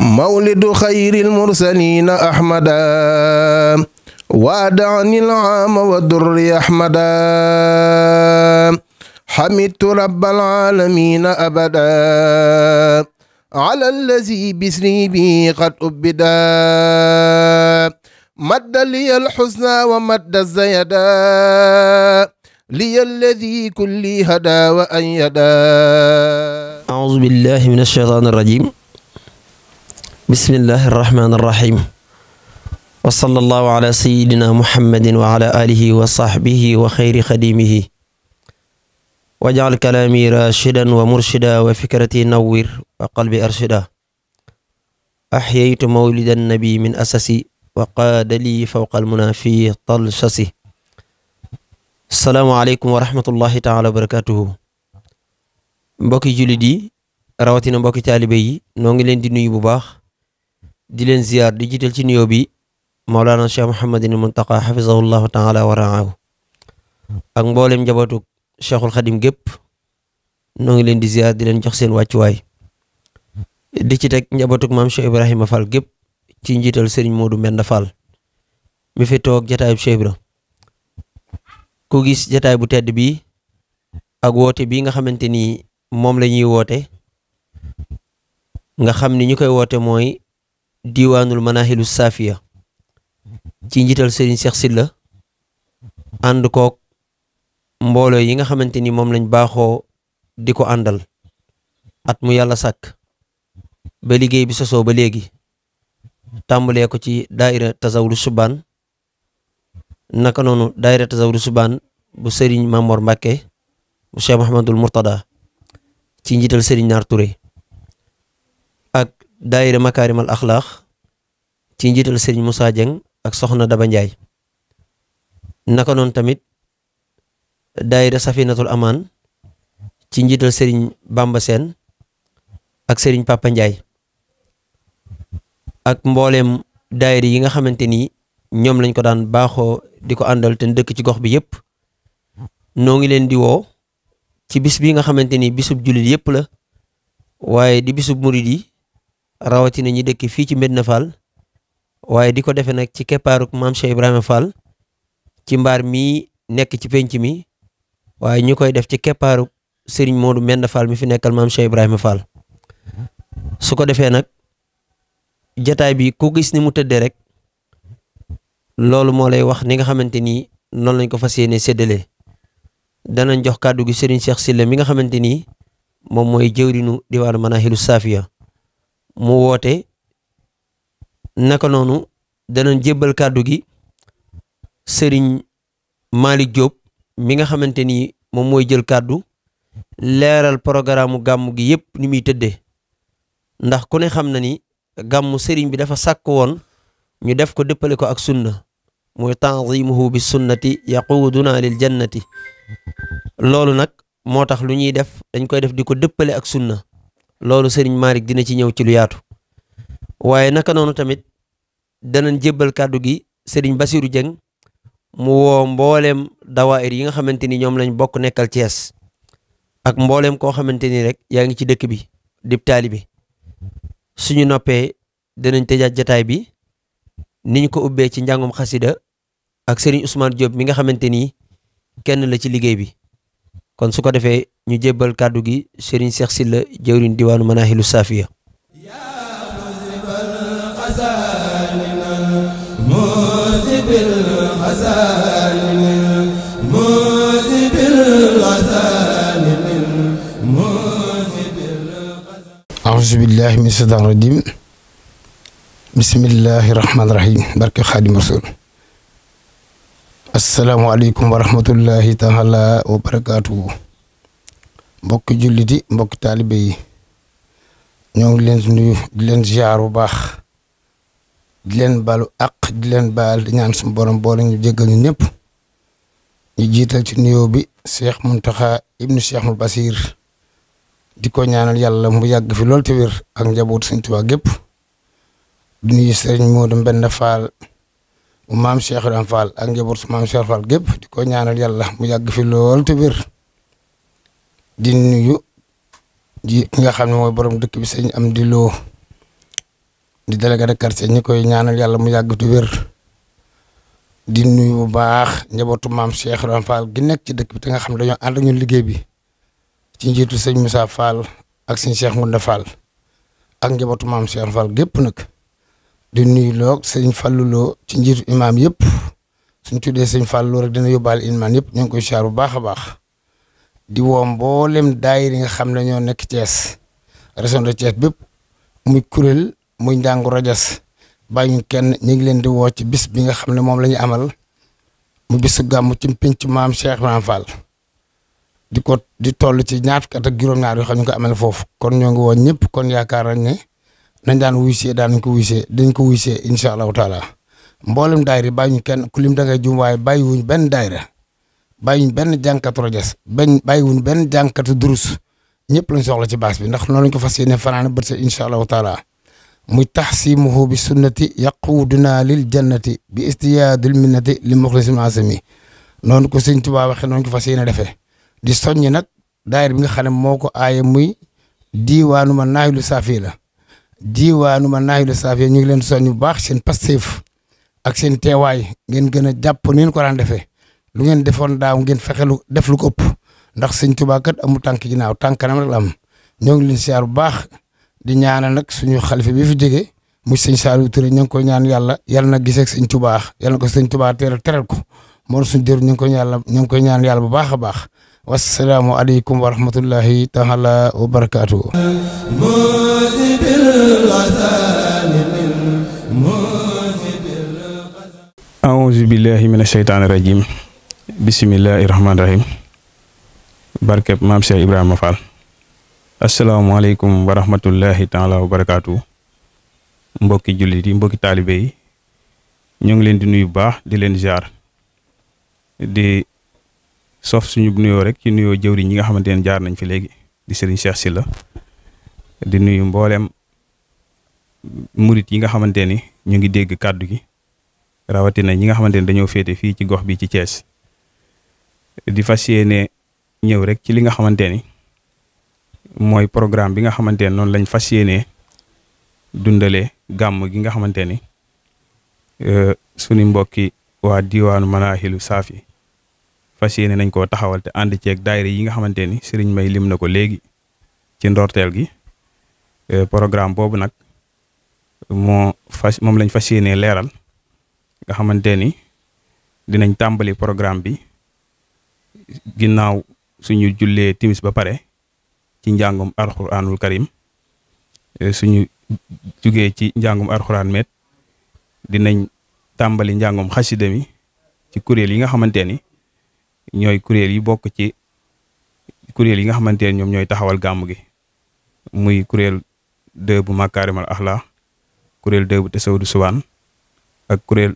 مولد خير المرسلين أحمدا وادعني العام والدر أحمدا حمدت رب العالمين أبدا على الذي بسري بي قد أبدا مد لي الحسنى ومد الزيدا لي الذي كل هدى وأيدا أعوذ بالله من الشيطان الرجيم بسم الله الرحمن الرحيم وصلى الله على سيدنا محمد وعلى آله وصحبه وخير خديمه wajaal kalaami rashidan wa murshida wa fikrati nawwir wa qalbi arshida axyaytu mawlida nabi min asasi wa qaada fawqa almuna fi talshasi salaamu aleykum wa rahmatullahi taala wa barakatuhu mbokki jullit yi rawatina mbokki taalibe yi ngi leen di nuyu bu baax di leen ziyaar di jiital ci nuyoo bi Mawlana Cheikh Muhammadin Muntaqa xafisahullahu taala wa raahu ak mboolem njabootu cheikhul xadim gépp noo ngi leen di ziar di leen jox seen wàccuwaay di ci teg njabootuk maam Ibrahima Fall gépp ci njiital Serigne Modou Menda Fall mi fi toog jataayub Cheikh Ibra ku gis jataay bu tedd bi ak woote bi nga xamante ni moom la ñuy woote nga xam ni ñu koy woote mooy diwaanul manahilu saafiya ci njiital Serigne Cheikh Silla kook mbooloo yi nga xamante ni moom lañ baaxoo di ko àndal at mu yàlla sàkk ba liggéey bi sosoo ba léegi tàmbalee ko ci daaira tasawru subaan naka noonu daaira tasawru subaan bu sëriñ Mamor Mbàkke bu Cheikh Mouhamadul Mourtada ci njiital sëriñ Naar Touré ak daaira makaarimal axlaax ci njiital sëriñ Moussa Dieng ak soxna Daba Ndiaye naka noonu tamit daayira safinatul amaan ci njiital sëriñ Bamba Sène ak sëriñ Papa ak mboolem daayira yi nga xamante ni ñoom lañ ko daan baaxoo di ko àndal te dëkk ci gox bi yëpp noo ngi leen di woo ci bis bi nga xamante ni bisub jullit yëpp la waaye di bisu murid yi rawatina ñi dëkk fii ci Medina Fall waaye di ko defee nag ci keppaaruk maam Cheikh Ibrahima Fall ci mbaar mii nekk ci penc mi waaye ñu koy def ci keppaaru sëriñ Modou Menda Fall mi fi nekkal maam Cheikh Ibrahima Fall su ko defee nag jataay bi ku gis ni mu tëddee rek loolu moo lay wax ni nga xamante ni noonu lañ ko fa yéene séddale danañ jox kàddu gi sëriñ Cheikh Sylla mi nga xamante ni moom mooy jëwriñu diwaanu Manahilu saafiya mu woote naka noonu dana jébbal kàddu gi sëriñ Malick Diop mi nga xamante ni moom mooy jël kàddu leeral programme gàmm gi yëpp ni muy tëddee ndax ku ne xam na ni gàmmu sëriñ bi dafa sàkk woon ñu def ko dëppale ko ak sunna mooy tanzimuhu bi sunnati yaquduna lil jannati loolu nag moo tax lu ñuy def dañ koy def di ko dëppale ak sunna loolu sëriñ Malick dina ci ñëw ci lu yaatu waaye naka noonu tamit danañ jébbal kàddu gi sëriñ Basiru Jeng mu woo mbooleem dawaayir yi nga xamante ni ñoom lañu bokk nekkal Cees ak mbooleem koo xamante ni rek yaa ngi ci dëkk bi dib taalibi suñu noppee dinañ tëjaat jataay bi niñ ko ubbee ci njàngum xasida ak Serigne Ousmane Diop mi nga xamante ni kenn la ci liggéey bi kon su ko defee ñu jébbal kàddu gi Serigne Cheikh Sylla jëwriñ diwaanu Manahilu Safiya auzu billaahi min seytaani rajiim bismillaahi rahmaani rahiim barke Xaadim Rasuul asalaamaaleykum wa rahmatullaahi taala wa mbokki julliti mbokki taalibe yi ñoo ngi leen nuyu di leen ziar bu baax di leen baalu àq di leen baal di ñaan suñu borom boole ñu ñu ñëpp ñu jiital ci nuyoo bi Cheikh Mountakha ibnu Cheikh Mul Basir di ko ñaanal yàlla mu yàgg fi lool te wér ak njaboot Sëñ Tuubaa gépp di nuyu Sëriñ Moodu Mbend Faal mu maam Cheikh Ibrahima Fall ak njaboot maam Cheikh Fall gépp di ko ñaanal yàlla mu yàgg fi lool ti wér di nuyu ji ki nga xam ne mooy borom dëkk bi sëñ am di loo di délégué de quartier ñi koy ñaanal yàlla mu yàgg di di nuyu bu baax njabootu maam Cheikh Ibrahima gi nekk ci dëkk bi te nga xam ne dañoo ànd ak liggéey bi ci njiitu sëñ Moussa Fall ak sëñ Cheikh Ngounda Fall ak njabootu maam Cheikh Fall gépp nag di nuyu loog sëñ Fallou Lo ci njiitu imaam yëpp suñ tuddee sëñ Fallou rek dina yóbbaale imaam yëpp ñoo ngi koy siyaar bu baax a baax di woo mboolem daayir yi nga xam dañoo nekk Thiès région de Thiès bépp muy kuréel. muy njàngu rajas bàyyi kenn ñu ngi leen di woo ci bis bi nga xam ne moom la ñu amal mu bisu gàmm ci pinc maam Cheikh Maam Fall di ko di toll ci ñaar fukki at ak ñaar yoo xam ne ñu ko amal foofu kon ñoo ngi woo ñëpp kon yaakaar nañ ne nañ daan wuysee daan ko wuysee dañ ko wuysee incha allahu taala mboolem daayira bàyyi ñu kenn ku lim da ngay jum waaye bàyyi wuñ benn daayira bàyyi wuñ benn jànkatu rajas benn bàyyi wuñ benn jànkatu durus ñëpp lañ soxla ci baas bi ndax noonu lañ ko fas yéene incha allahu taala muy tax taxsimuhu bi sunnati yaquuduna lil jannati bi istiyaadul minnati li muxlisim asami noonu ko sëñ Tuubaa waxee noonu ko fas a defee di soññ nag daayir bi nga xam ne moo ko aaye muy diiwaanu ma naayilu saafi la diiwaanu ma naayilu saafi ñu ngi leen soññ bu baax seen pastéef ak seen teewaay ngeen gën a jàpp ngeen ko daan defee lu ngeen defoon daaw ngeen fexe lu def lu ko ëpp ndax sëñ Tuubaa kat amu tànk ginnaaw tànk kanam rek la am ñoo leen siyaar bu baax di ñaanal nag suñu xalifa bii fi jóge mu sëñ Saliou Touré ñu ngi koy ñaan yàlla yàlla na gisee ak sëñ Tuubaa yàlla na ko sëñ Tuubaa teral ko moom suñu jër ñu ngi koy yàlla ñu ngi koy ñaan yàlla bu baax a baax wasalaamu aleykum wa rahmatullahi taala wa barakaatuhu aouzu billahi min asheytaani rajim bismillahi rahmaani rahim barkeb maam Cheikh Ibrahima Fall asalaamaaleykum wa rahmatullahi taala wa barakaatu mbokki jullit yi mbokki taalibe yi ñu ngi leen di nuyu baax di leen ziar di sof suñu nuyoo rek ci nuyoo jëwriñ ñi nga xamante ne jaar nañ fi léegi di sëriñ Cheikh Sylla di nuyu mbooleem murit yi nga xamante ni ñu ngi dégg kàddu gi rawatina ñi nga xamante ni dañoo féete fii ci gox bi ci Thiès di fas yéene ñëw rek ci li nga xamante ni. mooy programme bi nga xamante ne noonu lañ fa yéenee dundale gàmm gi nga xamante ni euh, suñu mbokki waa diwaanu Manaahilu Saafi fas yéene nañ ko taxawal te ànd ceeg daayira yi nga xamante ni sëriñ May lim na ko léegi ci ndorteel gi euh, programme boobu nag moo fas moom lañ fa yéenee leeral nga xamante ni dinañ tàmbali programme bi ginnaaw suñu jullee timis ba pare. ci njàngum alxuraanul karim eh, suñu jogee ci njàngum alxuraan met dinañ tàmbali njàngum xasida ci kuréel yi nga xamante ni ñooy kuréel yi bokk ci kuréel yi nga xamante ni ñoom ñooy taxawal gàmm gi muy kuréel deux bu makaarimal axla kuréel deux bu tasawdu subaan ak kuréel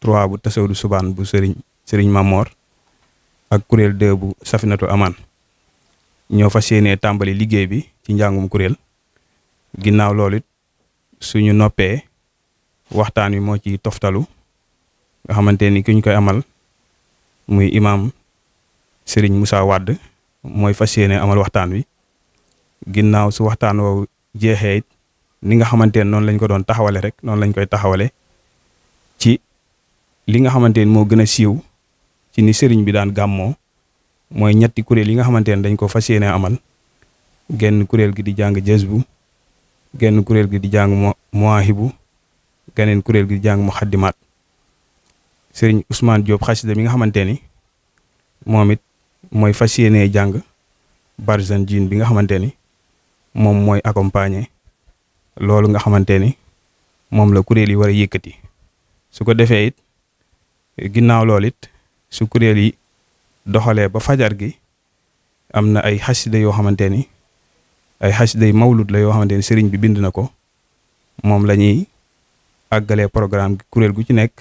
trois bu tasawdu bu sëriñ sëriñ Mamor ak kuréel deux bu safinatu amaan ñoo fas yéenee tàmbali liggéey bi ci njàngum kuréel ginnaaw loolu it suñu noppee waxtaan wi moo ci toftalu nga xamante ni ki koy amal muy imam Serigne Moussa Wade mooy fas yéene amal waxtaan wi ginnaaw su waxtaan woowu jeexee ni nga xamante ne noonu lañ ko doon taxawale rek noonu lañ koy taxawale ci li nga xamante ni moo gën a siiw ci ni sëriñ bi daan gàmmoo mooy ñetti kuréel yi nga xamante ne dañ ko fas yéene amal genn kuréel gi di jàng jazbu genn kuréel gi di jàng muwaahibu geneen kuréel gi di jàng muxaddimaat sëriñ Ousmane Diop xasida mi nga xamante ni moom it mooy fas yéene jàng Barzanjine bi nga xamante ni moom mooy accompagner loolu nga xamante ni moom la kuréel yi war a yëkkati su ko defee it ginnaaw loolu it su kuréel yi doxalee ba fajar gi am na ay xasida yoo xamante ni ay xasida yu mawlud la yoo xamante ni sëriñ bi bind na ko moom la ñuy àggalee programme gi kuréel gu ci nekk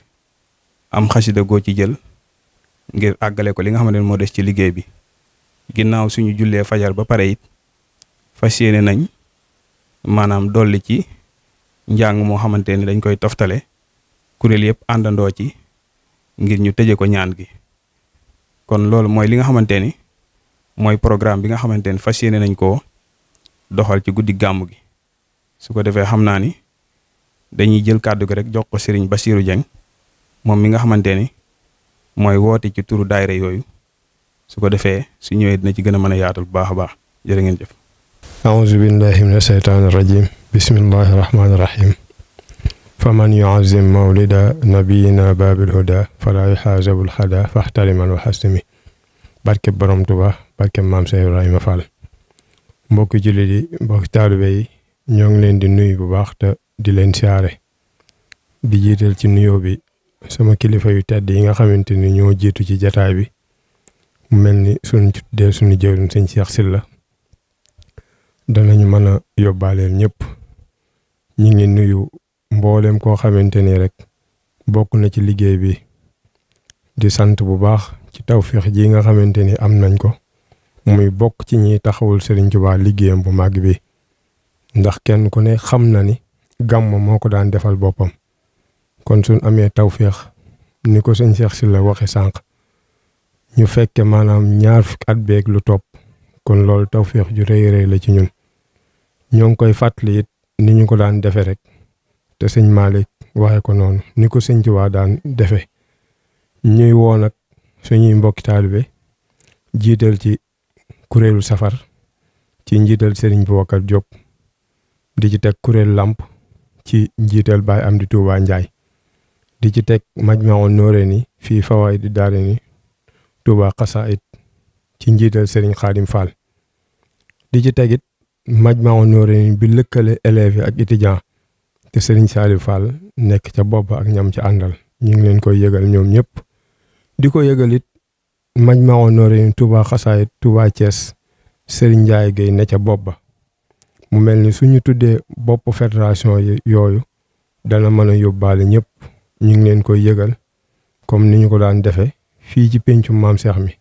am xasida goo ci jël ngir àggale ko li nga xamante ni moo des ci liggéey bi ginnaaw suñu jullee fajar ba pare it fas yéene nañ maanaam dolli ci njàng moo xamante ni dañ koy toftale kuréel yëpp àndandoo ci ngir ñu tëje ko ñaan gi kon loolu mooy li nga xamante ni mooy programme bi nga xamante ni fas yéene nañ ko doxal ci guddi gàmm gi su ko defee xam naa ni dañuy jël kàddu gi rek jox ko ba siiru Dieng moom mi nga xamante ni mooy woote ci turu daayira yooyu su ko defee su ñëwee dina ci gën a mën a yaatal bu baax a baax jërë ngeen jëf. aouzu billahi mina shaytaani rajim bismillahi rahmaani rahim. faman yuazim mawlida nabiyina babil huda fala yuxaasabu lxada faxtariman wa xastimi barke borom tuba barke maam sa ibrahima fall mbokki jullit yi mbokki taalibe yi ñoo ngi leen di nuyu bu baax te di leen siyaare di jiital ci nuyo bi sama kilifa yu tedd yi nga xamante ni ñoo jiitu ci jataay bi mu mel ni suñ tuddee suñu jëwriñ sëñ Cheikh Sylla danañu mën a yóbbaaleel ñëpp ñu ngi nuyu mboolem koo xamante ni rek bokk na ci liggéey bi di sant bu baax ci tawféex ji nga xamante ni am nañ ko muy bokk ci ñiy taxawul ci Touba liggéeyam bu màgg bi ndax kenn ku ne xam na ni gàmm moo ko daan defal boppam kon suñ amee tawféex ni ko sëñ Cheikh Sylla waxe sànq ñu fekke maanaam ñaar fukki at beeg lu topp kon loolu tawféex ju rëy rëy la ci ñun ñoo ngi koy fàttali it ni ñu ko daan defe rek te sëñ Malick waxee ko noonu ni ko sëñ Tuubaa daan defee ñuy woo nag suñuy mbokki taalibe jiital ci kuréelu safar ci njiital sëriñ Boubacar Diop di ci teg kuréelu làmp ci njiital Baye Amdi Touba Ndiaye di ci teg Majmahun Nurayni fii fawaay di daare ni Touba ci njiital sëriñ Xaadim Fall di ci tegit Majmahun Nurayni bi lëkkale élèves yi ak étudiants te Serigne Saliou nekk ca bopp ak ñam ca àndal ñu ngi leen koy yëgal ñoom ñëpp di ko yëgal it Majmahun Nurayni Touba Xasaayit Touba Thiès Serigne Ndiaye Guèye ne ca bopp ba mu mel ni suñu tuddee bopp fédération yi yooyu dana mën a yóbbaale ñëpp ñu ngi leen koy yëgal comme ni ñu ko daan defee fii ci péncu maam Cheikh mi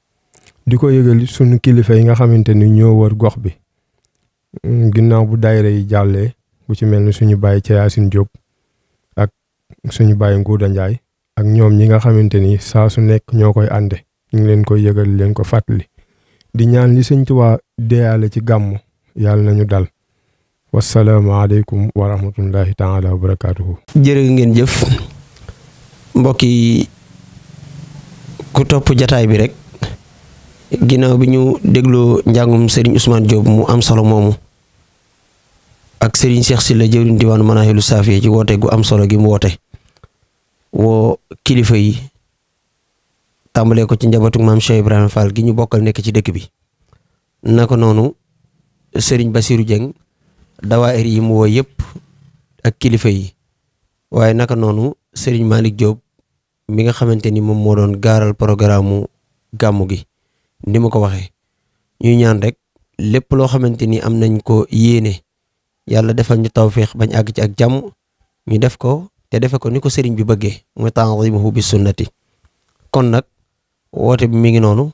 di ko yëgal suñu kilifa yi nga xamante ni ñoo wër gox bi ginnaaw bu daayira yi jàllee bu ci mel ni suñu baay ca Yacine Diop ak suñu bàyyi Ngouda njaay ak ñoom ñi nga xamante ni saa su nekk ñoo koy ànde ñu leen ko yëgal leen ko fàttali di ñaan li sëñ Tuubaa deeyaale ci gàmm yàlla nañu dal wasalaamaaleykum wa rahmatullahi taala wa barakaatuhu. jërë ngeen jëf mbokk yi ku topp jataay bi rek ginnaaw bi ñu dégloo njàngum Serigne Ousmane Diop mu am solo moomu. ak Serigne si la jëwriñ diwaanu Manaahilu Saafiya ci woote gu am solo gi mu woote woo kilifa yi tàmbalee ko ci njabootu maam Cheikh Ibrahima Fall gi ñu bokkal nekk ci dëkk bi naka noonu sëriñ Bassirou Dieng dawaayir yi mu woo yëpp ak kilifa yi waaye naka noonu Serigne Malick Diop mi nga xamante ni moom moo doon gaaral programme mu gàmmu gi ni ma ko waxee ñuy ñaan rek lépp loo xamante ni am nañ ko yéene. yàlla defal ñu tawfiix bañ àgg ci ak jàmm ñu def ko te defe ko ni ko sëriñ bi bëggee muy tanzimuhu bi sunnati kon nag woote bi mi ngi noonu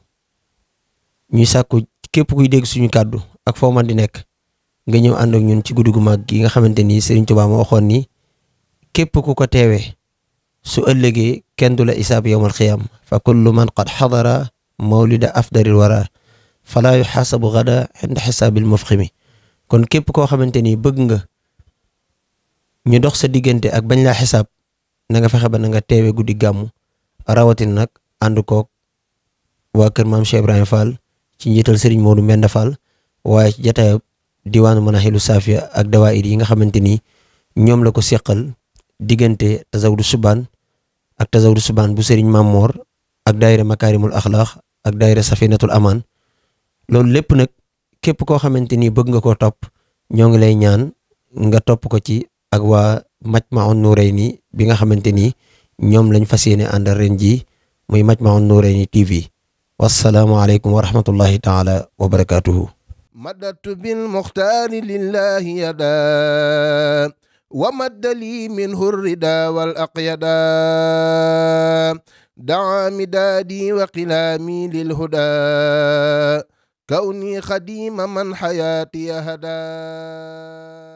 ñuy sàkku képp kuy dégg suñu kàddu ak foo man di nekk nga ñëw ànd ñun ci guddi gu mag gi nga xamante ni sëriñ Tuubaa ma waxoon ni képp ku ko tewe su ëllëgee kenn du la isaab yowmal xiyaam fa kullu man qad xadara mawlida afdaril wara falaa yuxaasabu gada inda xisaabil mufximi kon képp koo xamante ni bëgg nga ñu dox sa diggante ak bañ laa xisaab na nga fexe ba na nga teewe guddi gàmmu rawatin nag ànd koog waa kër maam Cheikh Ibrahima Fall ci njiital Serigne Modou Mbenda Fall waaye ci jataay diwaanu Manahilu Safia ak dawaayir yi nga xamante ni ñoom la ko seqal diggante Tazawudu Subaan ak Tazawudu suban bu Serigne Mamoor ak daayira Makaarimul Axlaax ak daayira Safinatul Amaan loolu lépp nag képp koo xamante ni bëgg nga koo topp ñoo ngi lay ñaan nga topp ko ci ak waa Majmahun Nurayni bi nga xamante ni ñoom lañ fas yéene àndal ren jii muy Majmahun Nurayni TV wasalaamualeykum wa rahmatullahi taala wa barakaatuhu madadtu bil muxtaari lillahi yada ومد لي منه الردى والأقيدا دعا مدادي وقلامي للهدى كوني خديم من حياتي هدى